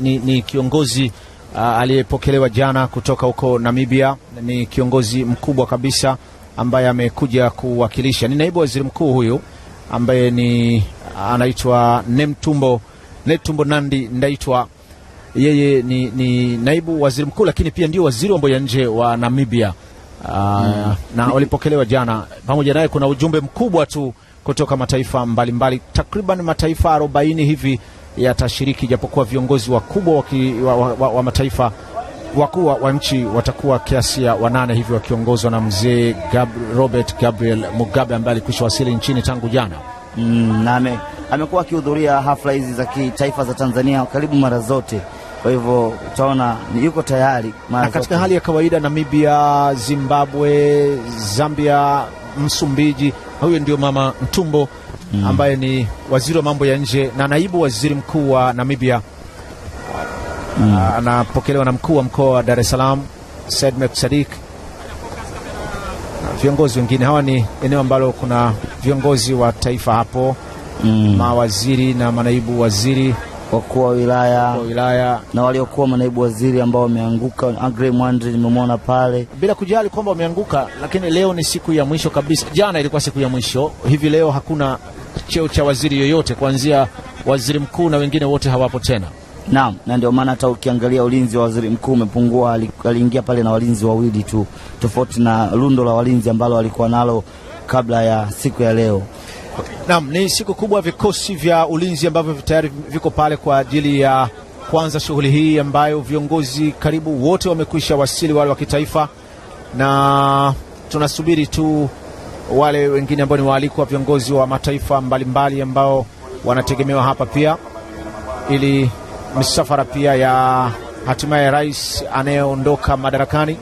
Ni, ni kiongozi uh, aliyepokelewa jana kutoka huko Namibia. Ni kiongozi mkubwa kabisa ambaye amekuja kuwakilisha, ni naibu waziri mkuu huyu ambaye ni anaitwa Netumbo, Netumbo Nandi Ndaitwa. Yeye ni, ni naibu waziri mkuu lakini pia ndio waziri wa mambo ya nje wa Namibia. Uh, mm. na walipokelewa jana. Pamoja naye kuna ujumbe mkubwa tu kutoka mataifa mbalimbali mbali, takriban mataifa arobaini hivi yatashiriki, japokuwa viongozi wakubwa wa, wa, wa, wa mataifa wakuu wa nchi watakuwa kiasi ya wanane hivi wakiongozwa na mzee Gab, Robert Gabriel Mugabe ambaye alikwisha wasili nchini tangu jana mm, amekuwa akihudhuria hafla hizi za kitaifa za Tanzania karibu mara zote kwa hivyo utaona yuko tayari na katika hali ya kawaida. Namibia, Zimbabwe, Zambia, Msumbiji, huyo ndio mama Mtumbo mm. ambaye ni waziri wa mambo ya nje na naibu waziri mkuu wa Namibia mm. Ah, anapokelewa na mkuu wa mkoa wa Dar es Salaam Said Mek na viongozi wengine. Hawa ni eneo ambalo kuna viongozi wa taifa hapo mm. mawaziri na manaibu waziri wakuu wa wilaya, wilaya na waliokuwa manaibu waziri ambao wameanguka. Agrey Mwandri nimemwona pale, bila kujali kwamba wameanguka, lakini leo ni siku ya mwisho kabisa. Jana ilikuwa siku ya mwisho, hivi leo hakuna cheo cha waziri yoyote, kuanzia waziri mkuu na wengine wote hawapo tena. Naam, na ndio maana hata ukiangalia ulinzi wa waziri mkuu umepungua. Aliingia pale na walinzi wawili tu, tofauti na lundo la walinzi ambalo alikuwa nalo kabla ya siku ya leo. Naam, ni siku kubwa. Vikosi vya ulinzi ambavyo tayari viko pale kwa ajili ya kwanza shughuli hii ambayo viongozi karibu wote wamekwisha wasili, wale wa kitaifa, na tunasubiri tu wale wengine ambao ni waalikwa, viongozi wa mataifa mbalimbali ambao wanategemewa hapa pia, ili misafara pia ya hatimaye rais anayeondoka madarakani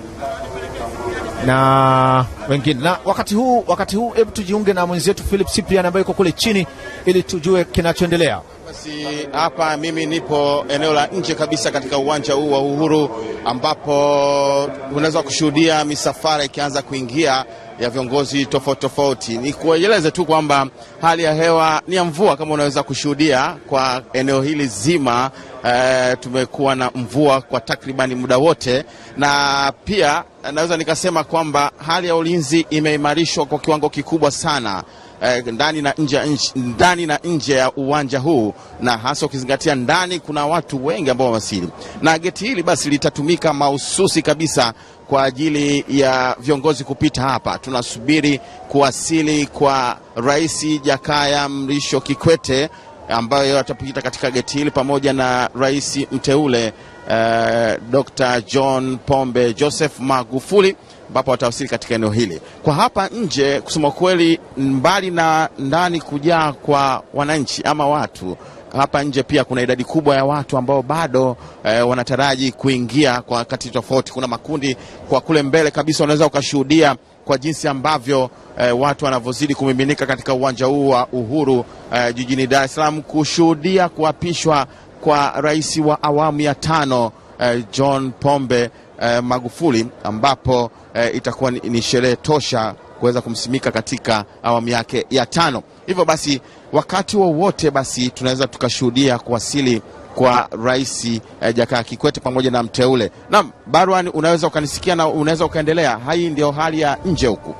na wengine. Na wakati huu wakati huu, hebu tujiunge na mwenzetu Philip Cyprian ambaye yuko kule chini ili tujue kinachoendelea. Basi hapa mimi nipo eneo la nje kabisa katika uwanja huu wa Uhuru ambapo unaweza kushuhudia misafara ikianza kuingia ya viongozi tofauti tofauti. Ni kueleze tu kwamba hali ya hewa ni ya mvua kama unaweza kushuhudia kwa eneo hili zima. E, tumekuwa na mvua kwa takribani muda wote, na pia naweza nikasema kwamba hali ya ulinzi imeimarishwa kwa kiwango kikubwa sana. Eh, ndani na nje ndani na nje ya uwanja huu, na hasa ukizingatia ndani kuna watu wengi ambao wamewasili, na geti hili basi litatumika mahususi kabisa kwa ajili ya viongozi kupita hapa. Tunasubiri kuwasili kwa Rais Jakaya Mrisho Kikwete ambayo atapita katika geti hili pamoja na rais mteule uh, eh, Dr. John Pombe Joseph Magufuli ambapo watawasili katika eneo hili. Kwa hapa nje, kusema kweli, mbali na ndani kujaa kwa wananchi ama watu hapa nje pia kuna idadi kubwa ya watu ambao bado e, wanataraji kuingia kwa wakati tofauti. Kuna makundi kwa kule mbele kabisa, unaweza ukashuhudia kwa jinsi ambavyo e, watu wanavyozidi kumiminika katika uwanja huu wa Uhuru e, jijini Dar es Salaam kushuhudia kuapishwa kwa rais wa awamu ya tano e, John Pombe e, Magufuli ambapo e, itakuwa ni sherehe tosha kuweza kumsimika katika awamu yake ya tano. Hivyo basi wakati wowote wa basi tunaweza tukashuhudia kuwasili kwa Rais eh, Jakaya Kikwete pamoja na mteule. Naam, Barwan, unaweza ukanisikia na unaweza ukaendelea. Hii ndio hali ya nje huku.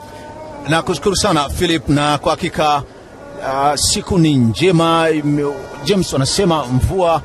Na kushukuru sana Philip, na kwa hakika uh, siku ni njema. James wanasema mvua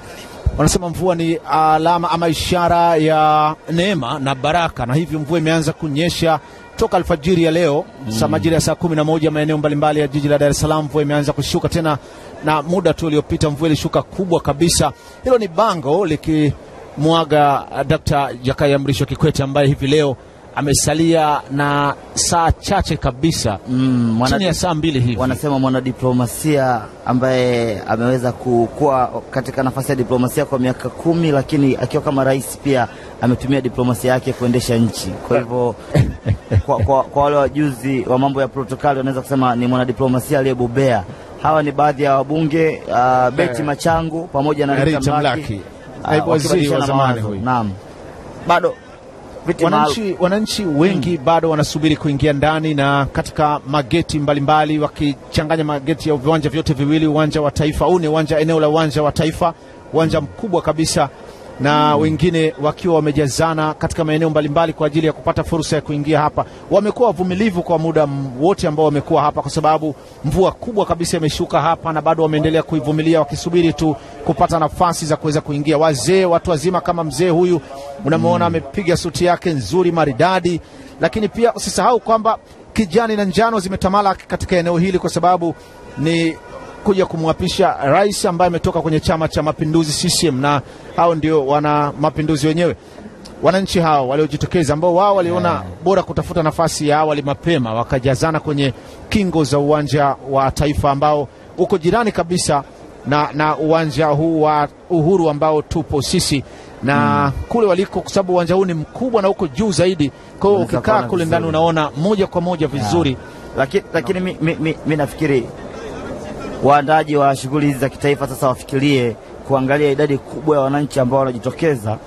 wanasema mvua ni alama ama ishara ya neema na baraka, na hivyo mvua imeanza kunyesha toka alfajiri ya leo mm. saa majira ya saa kumi na moja maeneo mbalimbali ya jiji la Dar es Salaam mvua imeanza kushuka tena, na muda tu uliopita mvua ilishuka kubwa kabisa. Hilo ni bango likimwaga Dr. Jakaya Mrisho Kikwete ambaye hivi leo amesalia na saa chache kabisa mm, chini ya saa mbili hivi. Wanasema mwanadiplomasia ambaye ameweza kukua katika nafasi ya diplomasia kwa miaka kumi, lakini akiwa kama rais pia ametumia diplomasia yake kuendesha nchi. Kwa hivyo kwa, kwa, kwa wale wajuzi wa mambo ya protokali wanaweza kusema ni mwanadiplomasia aliyebobea. Hawa ni baadhi ya wabunge uh, Beti eh. Machangu pamoja na Rita Mlaki, uh, naibu waziri wa zamani huyu. Naam, bado viti wananchi, wananchi wengi hmm, bado wanasubiri kuingia ndani na katika mageti mbalimbali, wakichanganya mageti ya viwanja vyote viwili, uwanja wa Taifa. Huu ni uwanja, eneo la uwanja wa Taifa, uwanja mkubwa kabisa na wengine wakiwa wamejazana katika maeneo mbalimbali kwa ajili ya kupata fursa ya kuingia hapa. Wamekuwa wavumilivu kwa muda wote ambao wamekuwa hapa, kwa sababu mvua kubwa kabisa imeshuka hapa na bado wameendelea kuivumilia wakisubiri tu kupata nafasi za kuweza kuingia. Wazee, watu wazima kama mzee huyu unamwona mm. amepiga suti yake nzuri maridadi, lakini pia usisahau kwamba kijani na njano zimetamala katika eneo hili kwa sababu ni kuja kumwapisha rais ambaye ametoka kwenye chama cha mapinduzi CCM, na hao ndio wana mapinduzi wenyewe, wananchi hao waliojitokeza, ambao wao waliona yeah, bora kutafuta nafasi ya awali mapema, wakajazana kwenye kingo za uwanja wa Taifa ambao uko jirani kabisa na, na uwanja huu wa Uhuru ambao tupo sisi na mm, kule waliko, kwa sababu uwanja huu ni mkubwa na uko juu zaidi. Kwa hiyo ukikaa kule ndani unaona moja kwa moja vizuri yeah. Lakini, lakini no, mi, mi, mi, mi nafikiri waandaaji wa shughuli hizi za kitaifa sasa wafikirie kuangalia idadi kubwa ya wananchi ambao wanajitokeza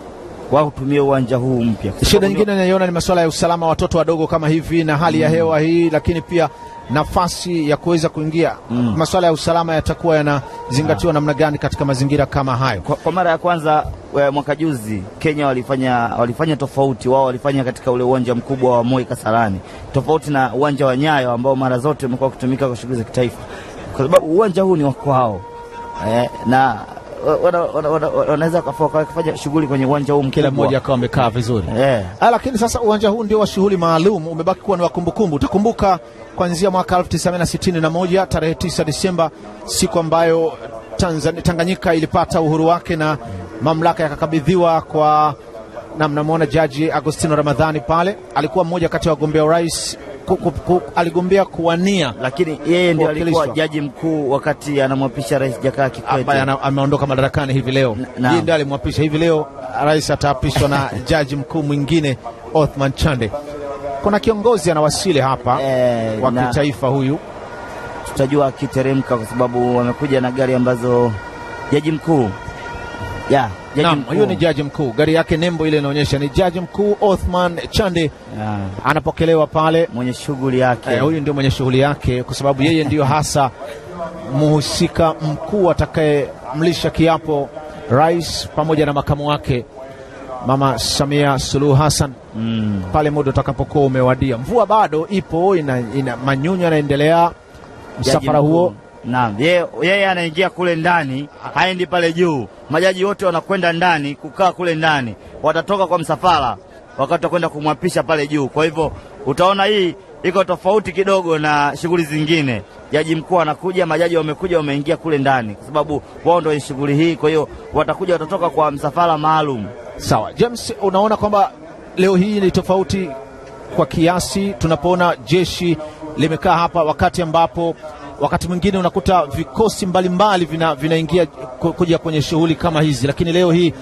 wao kutumia uwanja huu mpya. Shida nyingine ninayoona ni masuala ya usalama watoto wadogo kama hivi na hali mm. ya hewa hii, lakini pia nafasi ya kuweza kuingia mm. masuala ya usalama yatakuwa yanazingatiwa ah. namna gani katika mazingira kama hayo? Kwa, kwa mara ya kwanza eh, mwaka juzi Kenya walifanya, walifanya tofauti. Wao walifanya katika ule uwanja mkubwa wa Moi Kasarani, tofauti na uwanja wa Nyayo ambao mara zote umekuwa ukitumika kwa shughuli za kitaifa kwa sababu uwanja huu ni wa kwao eh, na wanaweza wakafanya shughuli kwenye uwanja huu, kila mmoja akawa amekaa vizuri yeah. Eh. Lakini sasa uwanja huu ndio wa shughuli maalum umebaki kuwa ni wa kumbukumbu. Utakumbuka kuanzia mwaka 1961 tarehe 9 Disemba, siku ambayo Tanzania, Tanganyika ilipata uhuru wake na mamlaka yakakabidhiwa kwa na mnamwona Jaji Agostino Ramadhani pale, alikuwa mmoja kati ya wagombea urais ku, ku, ku, aligombea kuwania, lakini yeye ndiye alikuwa jaji mkuu wakati anamwapisha Rais Jakaya Kikwete ambaye ameondoka madarakani hivi leo. Yeye ndio alimwapisha. Hivi leo rais ataapishwa na jaji mkuu mwingine Othman Chande. Kuna kiongozi anawasili hapa e, wa kitaifa huyu, tutajua akiteremka, kwa sababu wamekuja na gari ambazo jaji mkuu yeah, mkuu. huyo ni jaji mkuu. Gari yake nembo ile inaonyesha ni jaji mkuu Othman Chande yeah. Anapokelewa pale mwenye shughuli yake, eh, huyu ndio mwenye shughuli yake, kwa sababu yeye ndiyo hasa muhusika mkuu atakayemlisha kiapo rais pamoja na makamu wake Mama Samia Suluhu Hassan mm. Pale muda utakapokuwa umewadia. Mvua bado ipo ina, ina manyunyu yanaendelea msafara huo, naam, yeye anaingia kule ndani, haendi pale juu majaji wote wanakwenda ndani kukaa kule ndani, watatoka kwa msafara wakati wakwenda kumwapisha pale juu. Kwa hivyo utaona hii iko tofauti kidogo na shughuli zingine. Jaji mkuu anakuja, majaji wamekuja, wameingia kule ndani, kwa sababu wao ndio shughuli hii. Kwa hiyo watakuja, watatoka kwa msafara maalum. Sawa James, unaona kwamba leo hii ni tofauti kwa kiasi tunapoona jeshi limekaa hapa wakati ambapo wakati mwingine unakuta vikosi mbalimbali vinaingia vina kuja kwenye shughuli kama hizi, lakini leo hii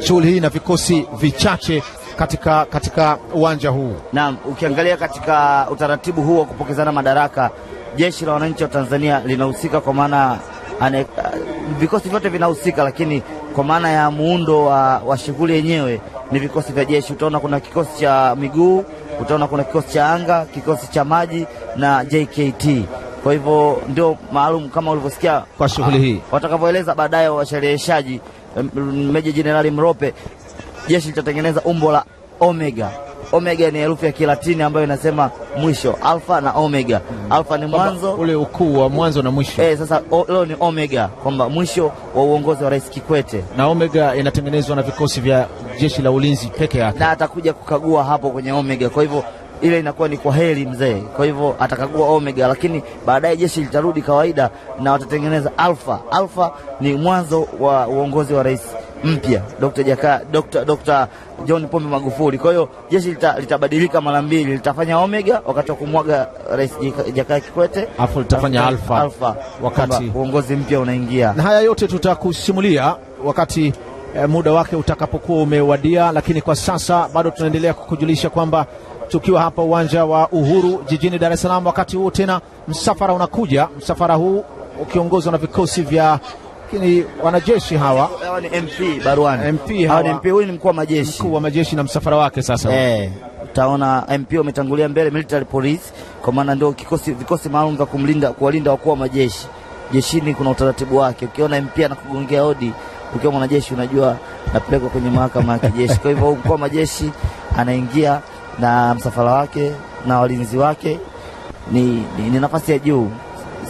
shughuli hii na vikosi vichache katika katika uwanja huu. Naam, ukiangalia katika utaratibu huu wa kupokezana madaraka, jeshi la wananchi wa Tanzania linahusika kwa maana ane, uh, vikosi vyote vinahusika, lakini kwa maana ya muundo wa, wa shughuli yenyewe ni vikosi vya jeshi. Utaona kuna kikosi cha miguu, utaona kuna kikosi cha anga, kikosi cha maji na JKT. Kwa hivyo ndio maalum kama ulivyosikia kwa shughuli ah, hii, watakavyoeleza baadaye washereheshaji, eh, Meja Jenerali Mrope, jeshi litatengeneza umbo la omega Omega ni herufi ya Kilatini ambayo inasema mwisho, alfa na omega. Alfa ni mwanzo, ule ukuu wa mwanzo na mwisho. Eh, sasa leo ni omega, kwamba mwisho wa uongozi wa Rais Kikwete, na omega inatengenezwa na vikosi vya jeshi la ulinzi peke yake, na atakuja kukagua hapo kwenye omega. Kwa hivyo ile inakuwa ni kwa heri mzee. Kwa hivyo atakagua omega, lakini baadaye jeshi litarudi kawaida na watatengeneza alfa. Alfa ni mwanzo wa uongozi wa rais mpya Dr. Jaka, Dr. Dr. John Pombe Magufuli. Kwa hiyo jeshi lita, litabadilika mara mbili, litafanya omega wakati wa kumwaga rais Jakaya Kikwete, afu litafanya alfa, alfa wakati uongozi mpya unaingia. Na haya yote tutakusimulia wakati eh, muda wake utakapokuwa umewadia, lakini kwa sasa bado tunaendelea kukujulisha kwamba tukiwa hapa uwanja wa Uhuru jijini Dar es Salaam. Wakati huu tena msafara unakuja, msafara huu ukiongozwa na vikosi vya lakini wanajeshi hawa hawa ni MP Barwani. MP hawa ni MP, huyu ni mkuu wa majeshi, mkuu wa majeshi na msafara wake sasa. Eh, utaona MP wametangulia mbele, military police, kwa maana ndio kikosi vikosi maalum vya kumlinda kuwalinda wakuu wa majeshi. Jeshini kuna utaratibu wake, ukiona MP anakugongea hodi ukiwa mwanajeshi unajua napelekwa kwenye mahakama ya kijeshi. Kwa hivyo mkuu wa majeshi anaingia na msafara wake na walinzi wake ni, ni, ni nafasi ya juu.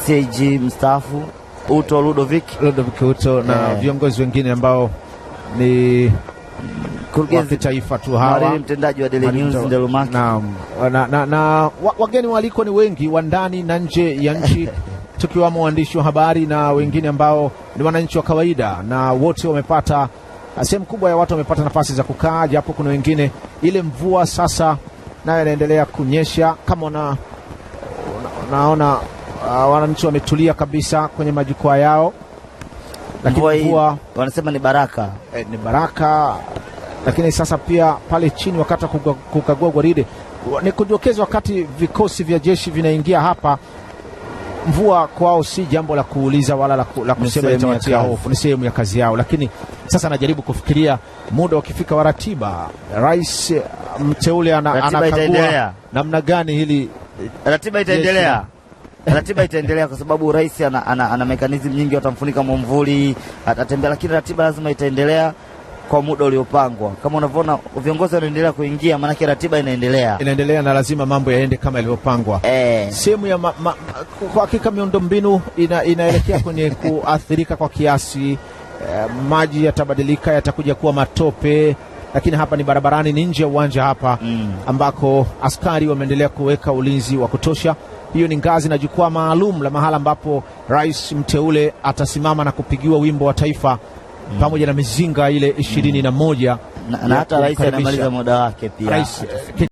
cg mstaafu Uto Ludovic, Ludovic Uto na yeah, viongozi wengine ambao ni mkurugenzi taifa tu hawa mtendaji wa Daily News Ndelumaki na, na, na, na wageni waliko ni wengi wa ndani na nje ya nchi tukiwamo waandishi wa habari na wengine ambao ni wananchi wa kawaida, na wote wamepata sehemu kubwa ya watu wamepata nafasi za kukaa, japo kuna wengine, ile mvua sasa nayo inaendelea kunyesha kama una, unaona uh, wananchi wametulia kabisa kwenye majukwaa yao, lakini mvua wanasema ni baraka eh, ni baraka. Lakini sasa pia pale chini, wakati wa kukagua gwaride, ni kudokeza, wakati vikosi vya jeshi vinaingia hapa, mvua kwao si jambo la kuuliza wala la kusema itawatia hofu, ni sehemu ya kazi yao, lakini sasa anajaribu kufikiria muda ukifika wa ratiba, rais eh, mteule ana, anakagua namna gani hili ratiba itaendelea ratiba itaendelea kwa sababu rais ana, ana, ana mekanizimu nyingi, watamfunika mwamvuli, atatembea, lakini ratiba lazima itaendelea kwa muda uliopangwa. Kama unavyoona viongozi wanaendelea kuingia, maanake ratiba inaendelea inaendelea, na lazima mambo yaende kama yalivyopangwa. E, sehemu ya ma, ma, kwa hakika miundombinu ina, inaelekea kwenye kuathirika kwa kiasi Eh, maji yatabadilika yatakuja kuwa matope, lakini hapa ni barabarani, ni nje ya uwanja hapa mm, ambako askari wameendelea kuweka ulinzi wa kutosha. Hiyo ni ngazi na jukwaa maalum la mahala ambapo rais mteule atasimama na kupigiwa wimbo wa taifa mm, pamoja na mizinga ile ishirini mm, na moja na hata rais anamaliza muda wake pia rais, eh,